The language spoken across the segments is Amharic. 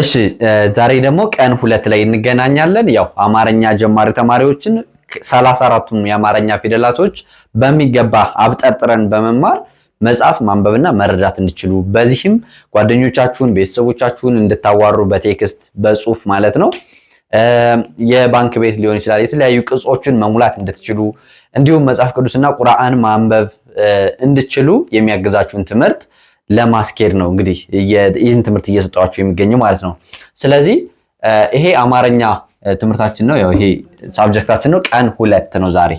እሺ ዛሬ ደግሞ ቀን ሁለት ላይ እንገናኛለን። ያው አማርኛ ጀማሪ ተማሪዎችን ሰላሳ አራቱን የአማርኛ ፊደላቶች በሚገባ አብጠርጥረን በመማር መጻፍ ማንበብና መረዳት እንችሉ በዚህም ጓደኞቻችሁን፣ ቤተሰቦቻችሁን እንድታዋሩ በቴክስት በጽሁፍ ማለት ነው የባንክ ቤት ሊሆን ይችላል የተለያዩ ቅጾችን መሙላት እንድትችሉ እንዲሁም መጽሐፍ ቅዱስና ቁርአን ማንበብ እንድችሉ የሚያግዛችሁን ትምህርት ለማስኬድ ነው እንግዲህ ይህን ትምህርት እየሰጠዋቸው የሚገኘው ማለት ነው። ስለዚህ ይሄ አማርኛ ትምህርታችን ነው። ይሄ ሳብጀክታችን ነው። ቀን ሁለት ነው ዛሬ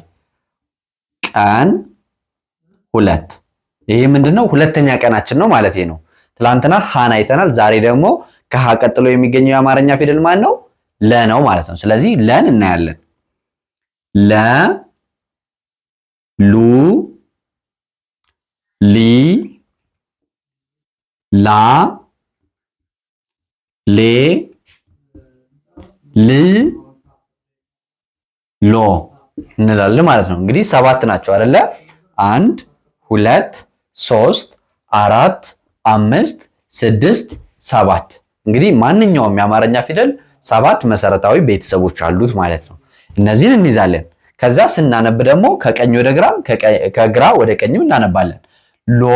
ቀን ሁለት። ይሄ ምንድነው ሁለተኛ ቀናችን ነው ማለት ነው። ትላንትና ሀን አይተናል። ዛሬ ደግሞ ከሃ ቀጥሎ የሚገኘው የአማርኛ ፊደል ማን ነው? ለ ነው ማለት ነው። ስለዚህ ለን እናያለን። ለ ሉ ላ ሌ ል ሎ እንላለን ማለት ነው። እንግዲህ ሰባት ናቸው አይደለ? አንድ ሁለት ሶስት አራት አምስት ስድስት ሰባት። እንግዲህ ማንኛውም የአማርኛ ፊደል ሰባት መሰረታዊ ቤተሰቦች አሉት ማለት ነው። እነዚህን እንይዛለን። ከዛ ስናነብ ደግሞ ከቀኝ ወደ ግራም ከግራ ወደ ቀኝም እናነባለን። ሎ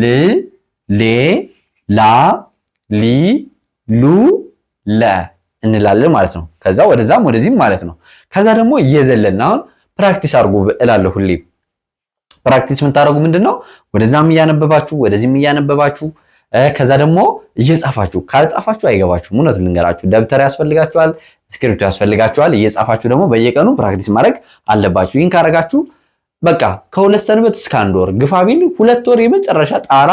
ል ሌ ላ ሊ ሉ ለ እንላለን ማለት ነው። ከዛ ወደዛም ወደዚህም ማለት ነው። ከዛ ደግሞ እየዘለን አሁን ፕራክቲስ አድርጉ እላለሁ ሁሌ። ፕራክቲስ የምታደርጉ ምንድን ነው? ወደዛም እያነበባችሁ ወደዚህም እያነበባችሁ ከዛ ደግሞ እየጻፋችሁ። ካልጻፋችሁ አይገባችሁም። እውነቱን ልንገራችሁ፣ ደብተር ያስፈልጋችኋል፣ እስክሪፕቶ ያስፈልጋችኋል። እየጻፋችሁ ደግሞ በየቀኑ ፕራክቲስ ማድረግ አለባችሁ። ይህን ካረጋችሁ በቃ ከሁለት ሰንበት እስከ አንድ ወር ግፋ ቢል ሁለት ወር የመጨረሻ ጣራ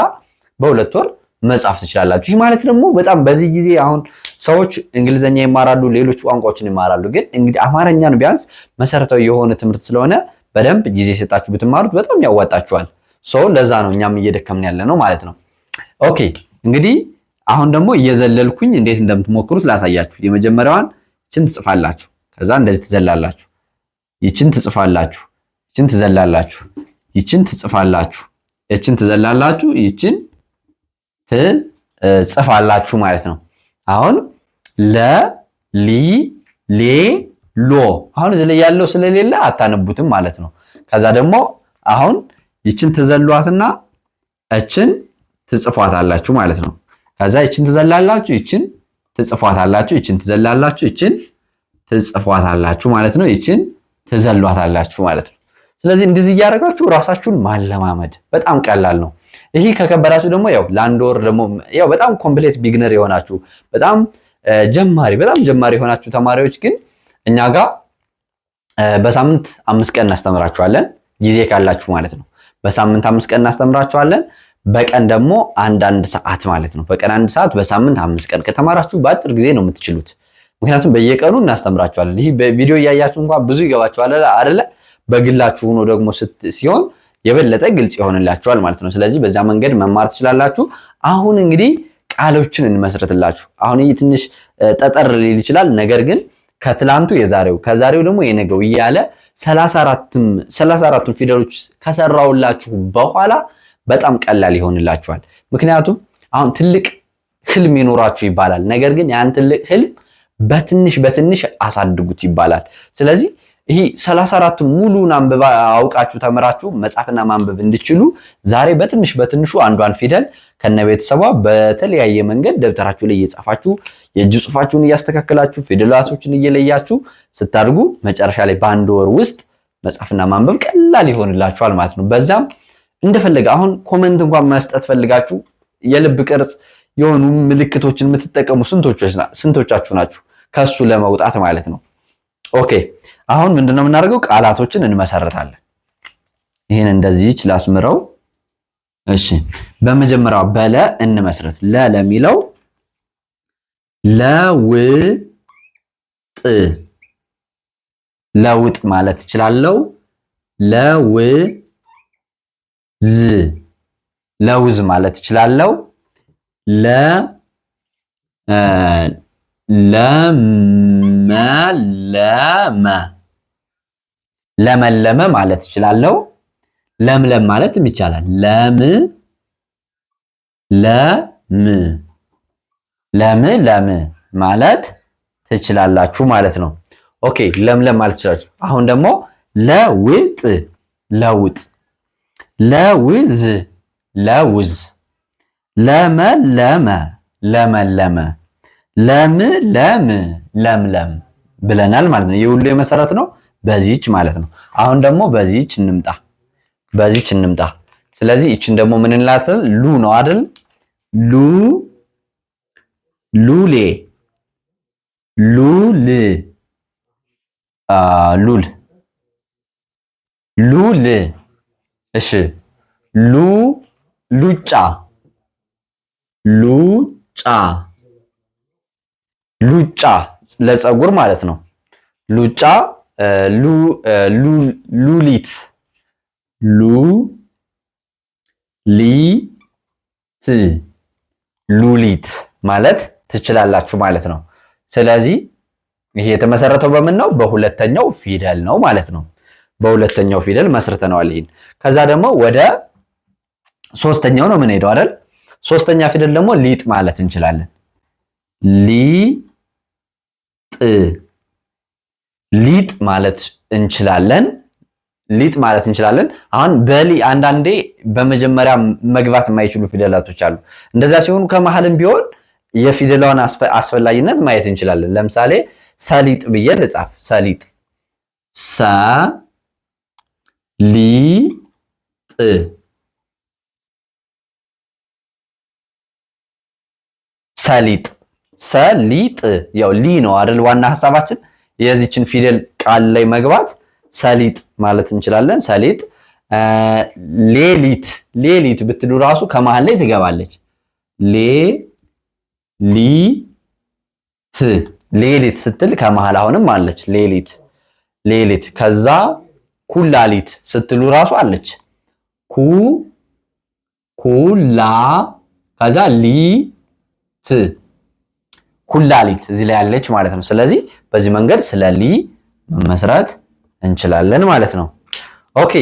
በሁለት ወር መጻፍ ትችላላችሁ። ይህ ማለት ደግሞ በጣም በዚህ ጊዜ አሁን ሰዎች እንግሊዘኛ ይማራሉ፣ ሌሎች ቋንቋዎችን ይማራሉ። ግን እንግዲህ አማርኛን ቢያንስ መሰረታዊ የሆነ ትምህርት ስለሆነ በደንብ ጊዜ የሰጣችሁ ብትማሩት በጣም ያዋጣችኋል። ሰው ለዛ ነው እኛም እየደከምን ያለ ነው ማለት ነው። ኦኬ እንግዲህ አሁን ደግሞ እየዘለልኩኝ እንዴት እንደምትሞክሩት ላሳያችሁ። የመጀመሪያዋን ይችን ትጽፋላችሁ፣ ከዛ እንደዚህ ትዘላላችሁ፣ ይችን ትጽፋላችሁ፣ ይችን ትዘላላችሁ፣ ይችን ትጽፋላችሁ፣ ይችን ትዘላላችሁ፣ ይችን ትጽፋላችሁ ማለት ነው። አሁን ለ ሊ ሌ ሎ አሁን እዚህ ላይ ያለው ስለሌለ አታነቡትም ማለት ነው። ከዛ ደግሞ አሁን ይችን ትዘሏትና እችን ትጽፏታላችሁ ማለት ነው። ከዛ ይችን ትዘላላችሁ፣ ይችን ትጽፏታላችሁ፣ ይችን ትዘላላችሁ፣ ይችን ትጽፏታላችሁ ማለት ነው። ይችን ትዘሏታላችሁ ማለት ነው። ስለዚህ እንደዚህ እያደረጋችሁ ራሳችሁን ማለማመድ በጣም ቀላል ነው። ይሄ ከከበዳችሁ ደግሞ ያው ለአንድ ወር ደግሞ ያው በጣም ኮምፕሌት ቢግነር የሆናችሁ በጣም ጀማሪ በጣም ጀማሪ የሆናችሁ ተማሪዎች ግን እኛ ጋር በሳምንት አምስት ቀን እናስተምራችኋለን። ጊዜ ካላችሁ ማለት ነው። በሳምንት አምስት ቀን እናስተምራችኋለን። በቀን ደግሞ አንዳንድ ሰዓት ማለት ነው። በቀን አንድ ሰዓት በሳምንት አምስት ቀን ከተማራችሁ በአጭር ጊዜ ነው የምትችሉት። ምክንያቱም በየቀኑ እናስተምራችኋለን። ይህ ቪዲዮ እያያችሁ እንኳን ብዙ ይገባችኋል አይደለ? በግላችሁ ሆኖ ደግሞ ሲሆን የበለጠ ግልጽ ይሆንላችኋል ማለት ነው። ስለዚህ በዛ መንገድ መማር ትችላላችሁ። አሁን እንግዲህ ቃሎችን እንመስረትላችሁ። አሁን ይህ ትንሽ ጠጠር ሊል ይችላል። ነገር ግን ከትላንቱ የዛሬው ከዛሬው ደግሞ የነገው እያለ ሰላሳ አራቱን ፊደሎች ከሰራውላችሁ በኋላ በጣም ቀላል ይሆንላችኋል። ምክንያቱም አሁን ትልቅ ህልም ይኖራችሁ ይባላል። ነገር ግን ያን ትልቅ ህልም በትንሽ በትንሽ አሳድጉት ይባላል። ስለዚህ ይሄ ሰላሳ አራቱ ሙሉን አንብባ አውቃችሁ ተምራችሁ መጻፍና ማንበብ እንድችሉ ዛሬ በትንሽ በትንሹ አንዷን ፊደል ከነ ቤተሰቧ በተለያየ መንገድ ደብተራችሁ ላይ እየጻፋችሁ የእጅ ጽፋችሁን እያስተካከላችሁ ፊደላቶችን እየለያችሁ ስታድጉ መጨረሻ ላይ በአንድ ወር ውስጥ መጻፍና ማንበብ ቀላል ይሆንላችኋል ማለት ነው። በዛም እንደፈለገ አሁን ኮመንት እንኳን መስጠት ፈልጋችሁ የልብ ቅርጽ የሆኑ ምልክቶችን የምትጠቀሙ ስንቶቻችሁ ናችሁ? ከሱ ለመውጣት ማለት ነው። ኦኬ አሁን ምንድነው የምናደርገው? ቃላቶችን እንመሰርታለን። ይህን እንደዚህች ላስምረው። እሺ፣ በመጀመሪያው በለ እንመስረት። ለ ለሚለው ለውጥ ለውጥ ማለት እችላለሁ። ለውዝ ለውዝ ማለት እችላለሁ። ለ ለመለመ ለመለመ ማለት እችላለሁ። ለምለም ማለትም ይቻላል። ለም ለም ለም ለም ማለት ትችላላችሁ ማለት ነው። ኦኬ ለምለም ማለት ትችላላችሁ። አሁን ደግሞ ለውጥ ለውጥ ለውዝ ለውዝ ለመለመ ለመለመ ለም ለም ለምለም ብለናል ማለት ነው። ይህ ሁሉ የመሰረት ነው። በዚች ማለት ነው። አሁን ደግሞ በዚች እንምጣ፣ በዚች እንምጣ። ስለዚህ ይችን ደግሞ ምን እንላታለን? ሉ ነው አይደል? ሉ ሉሌ፣ ሉል፣ ሉል፣ ሉል። እሺ፣ ሉ ሉጫ፣ ሉጫ፣ ሉጫ ለፀጉር ማለት ነው። ሉጫ ሉሊት ሉ ሊ ት ሉሊት ማለት ትችላላችሁ ማለት ነው። ስለዚህ ይሄ የተመሰረተው በምን ነው? በሁለተኛው ፊደል ነው ማለት ነው። በሁለተኛው ፊደል መስርተነዋል ይሄን። ከዛ ደግሞ ወደ ሶስተኛው ነው ሄደው አይደል? ሶስተኛ ፊደል ደግሞ ሊጥ ማለት እንችላለን። ጥ ሊጥ ማለት እንችላለን። ሊጥ ማለት እንችላለን። አሁን በሊ አንዳንዴ በመጀመሪያ መግባት የማይችሉ ፊደላቶች አሉ። እንደዚያ ሲሆኑ ከመሀልም ቢሆን የፊደላውን አስፈላጊነት ማየት እንችላለን። ለምሳሌ ሰሊጥ ብዬ ልጻፍ። ሰሊጥ ሰ ሊ ጥ ሰሊጥ ሰሊጥ። ያው ሊ ነው አይደል ዋና ሀሳባችን የዚችን ፊደል ቃል ላይ መግባት ሰሊጥ ማለት እንችላለን። ሰሊጥ፣ ሌሊት ሌሊት ብትሉ ራሱ ከመሃል ላይ ትገባለች። ሌ ሊ ት ሌሊት ስትል ከመሃል አሁንም አለች። ሌሊት ሌሊት። ከዛ ኩላሊት ስትሉ ራሱ አለች። ኩ ኩላ ከዛ ሊ ት ኩላሊት እዚህ ላይ አለች ማለት ነው። ስለዚህ በዚህ መንገድ ስለ ሊ መስራት እንችላለን ማለት ነው። ኦኬ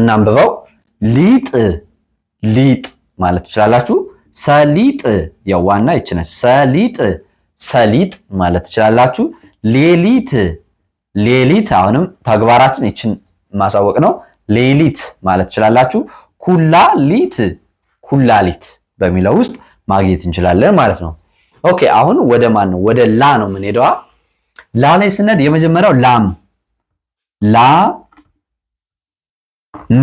እናንብበው። ሊጥ ሊጥ ማለት ትችላላችሁ። ሰሊጥ የዋና ነች። ሰሊጥ ሰሊጥ ማለት ትችላላችሁ። ሌሊት ሌሊት አሁንም ተግባራችን ይችን ማሳወቅ ነው። ሌሊት ማለት ትችላላችሁ። ኩላሊት ኩላሊት በሚለው ውስጥ ማግኘት እንችላለን ማለት ነው። ኦኬ አሁን ወደ ማን ነው? ወደ ላ ነው የምንሄደዋ። ላ ላይ ስንሄድ የመጀመሪያው ላም ላ ም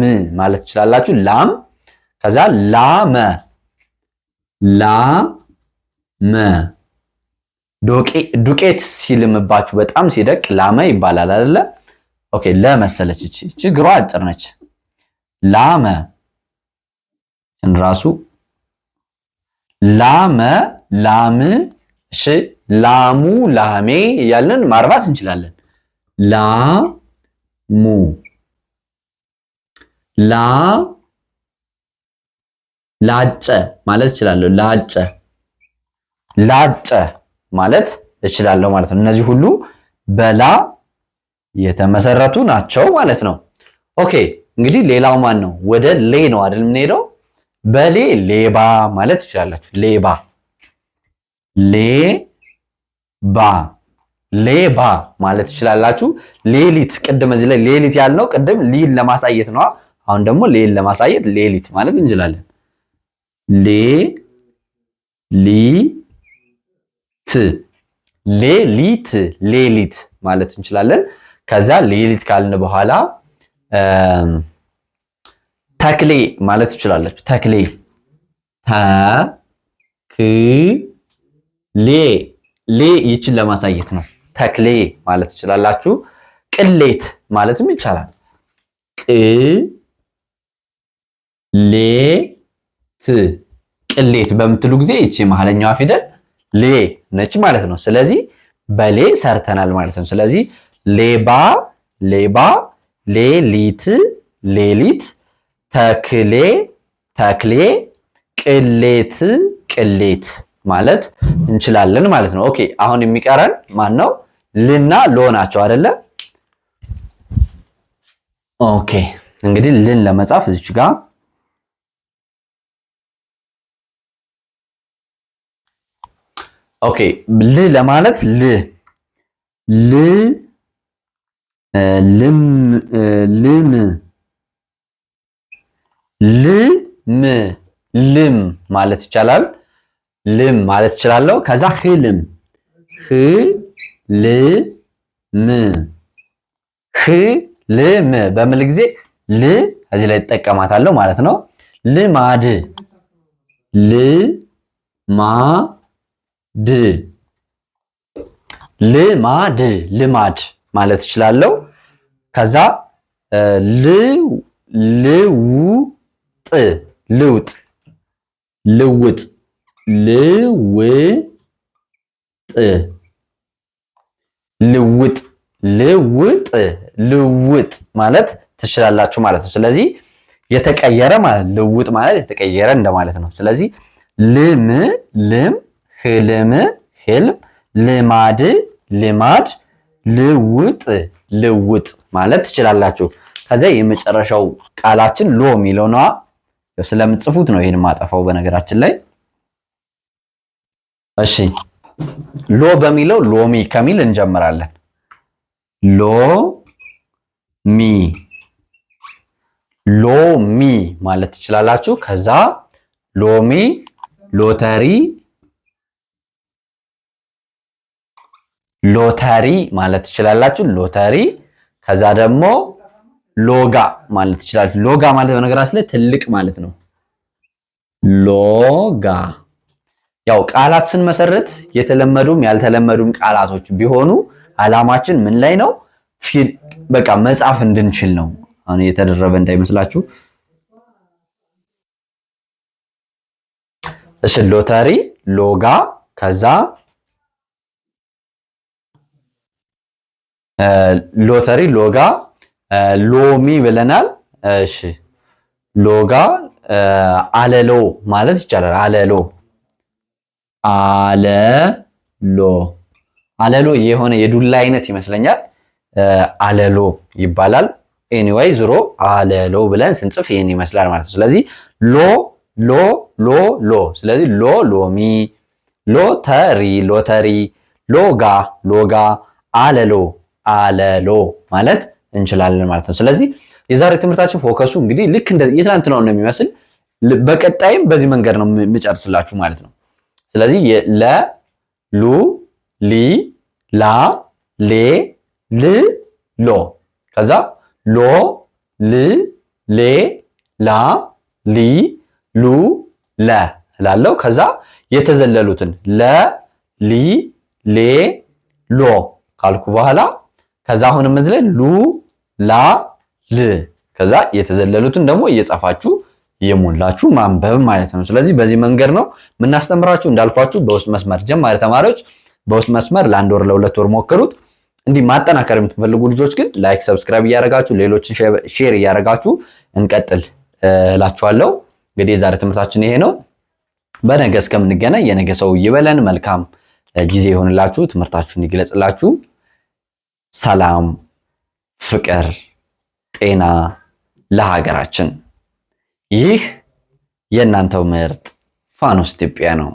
ም ማለት ትችላላችሁ። ላም ከዛ ላመ ላመ ዱቄት ሲልምባችሁ በጣም ሲደቅ ላመ ይባላል አይደለ? ኦኬ ለመሰለች እቺ እግሯ አጭር ነች። ላመ እንራሱ ላመ ላም እሺ ላሙ ላሜ እያለን ማርባት እንችላለን። ላሙ ላ ላጨ ማለት እችላለሁ። ላጨ ላጨ ማለት እችላለሁ ማለት ነው። እነዚህ ሁሉ በላ የተመሰረቱ ናቸው ማለት ነው። ኦኬ እንግዲህ ሌላው ማን ነው? ወደ ሌ ነው አይደል የምንሄደው? በሌ ሌባ ማለት ትችላላችሁ። ሌባ ባ ሌባ ማለት ትችላላችሁ። ሌሊት ቅድም እዚህ ላይ ሌሊት ያልነው ቅድም ሊን ለማሳየት ነዋ። አሁን ደግሞ ሌን ለማሳየት ሌሊት ማለት እንችላለን። ሌ ሊ ት ሌሊት ሌሊት ማለት እንችላለን። ከዛ ሌሊት ካልን በኋላ ተክሌ ማለት ትችላላችሁ ተክሌ ተክሌ ሌ ይችን ለማሳየት ነው። ተክሌ ማለት ትችላላችሁ። ቅሌት ማለትም ይቻላል። ቅሌት ቅሌት በምትሉ ጊዜ ይቺ መሀለኛዋ ፊደል ሌ ነች ማለት ነው። ስለዚህ በሌ ሰርተናል ማለት ነው። ስለዚህ ሌባ፣ ሌባ፣ ሌሊት፣ ሌሊት ተክሌ ተክሌ ቅሌት ቅሌት ማለት እንችላለን ማለት ነው። ኦኬ አሁን የሚቀረን ማን ነው? ልና ሎ ናቸው አይደለ? ኦኬ እንግዲህ ልን ለመጻፍ እዚች ጋር ኦኬ ል ለማለት ል ል ልም ልም ልም ልም ማለት ይቻላል። ልም ማለት ይችላለሁ። ከዛ ህልም ህልም ህልም በምል ጊዜ ል እዚህ ላይ እጠቀማታለሁ ማለት ነው። ልማድ ልማድ ልማድ ልማድ ማለት ይችላለሁ። ከዛ ል ልው ጥ ልውጥ ልውጥ ልውጥ ልውጥ ልውጥ ልውጥ ማለት ትችላላችሁ ማለት ነው። ስለዚህ የተቀየረ ማለት ልውጥ ማለት የተቀየረ እንደማለት ነው። ስለዚህ ልም ልም ህልም ህልም ልማድ ልማድ ልውጥ ልውጥ ማለት ትችላላችሁ። ከዚያ የመጨረሻው ቃላችን ሎ የሚለው ነዋ። ስለምትጽፉት ነው ይሄን ማጠፋው በነገራችን ላይ እሺ ሎ በሚለው ሎሚ ከሚል እንጀምራለን ሎ ሚ ሎሚ ማለት ትችላላችሁ ከዛ ሎሚ ሎተሪ ሎተሪ ማለት ትችላላችሁ ሎተሪ ከዛ ደግሞ ሎጋ ማለት ይችላል። ሎጋ ማለት በነገራችን ላይ ትልቅ ማለት ነው። ሎጋ ያው ቃላት ስንመሰርት የተለመዱም ያልተለመዱም ቃላቶች ቢሆኑ አላማችን ምን ላይ ነው? በቃ መጻፍ እንድንችል ነው። አሁን የተደረበ እንዳይመስላችሁ። እሺ፣ ሎተሪ፣ ሎጋ፣ ከዛ ሎተሪ፣ ሎጋ ሎሚ ብለናል። እሺ ሎጋ አለሎ ማለት ይቻላል። አለሎ አለሎ አለሎ የሆነ የዱላ አይነት ይመስለኛል። አለሎ ይባላል። ኤኒዌይ ዝሮ አለሎ ብለን ስንጽፍ ይህን ይመስላል ማለት ነው። ስለዚህ ሎ ሎ ሎ ሎ ስለዚህ ሎ ሎሚ፣ ሎተሪ ሎተሪ፣ ሎጋ ሎጋ፣ አለሎ አለሎ ማለት እንችላለን ማለት ነው። ስለዚህ የዛሬ ትምህርታችን ፎከሱ እንግዲህ ልክ እንደ የትናንት ነው የሚመስል በቀጣይም በዚህ መንገድ ነው የምጨርስላችሁ ማለት ነው። ስለዚህ ለ ሉ ሊ ላ ሌ ል ሎ ከዛ ሎ ል ሌ ላ ሊ ሉ ለ ላለው ከዛ የተዘለሉትን ለ ሊ ሌ ሎ ካልኩ በኋላ ከዛ አሁን ምን ላይ ሉ ላ ል ከዛ የተዘለሉትን ደግሞ እየጻፋችሁ እየሞላችሁ ማንበብ ማለት ነው። ስለዚህ በዚህ መንገድ ነው የምናስተምራችሁ። እንዳልኳችሁ በውስጥ መስመር ጀማሪ ተማሪዎች በውስጥ መስመር ለአንድ ወር ለሁለት ወር ሞክሩት። እንዲህ ማጠናከር የምትፈልጉ ልጆች ግን ላይክ፣ ሰብስክራይብ እያደረጋችሁ ሌሎችን ሼር እያደረጋችሁ እንቀጥል እላችኋለሁ። እንግዲህ የዛሬ ትምህርታችን ይሄ ነው። በነገ እስከምንገናኝ የነገ ሰው ይበለን። መልካም ጊዜ ይሆንላችሁ። ትምህርታችሁን ይግለጽላችሁ። ሰላም፣ ፍቅር፣ ጤና ለሀገራችን። ይህ የእናንተው ምርጥ ፋኖስ ኢትዮጵያ ነው።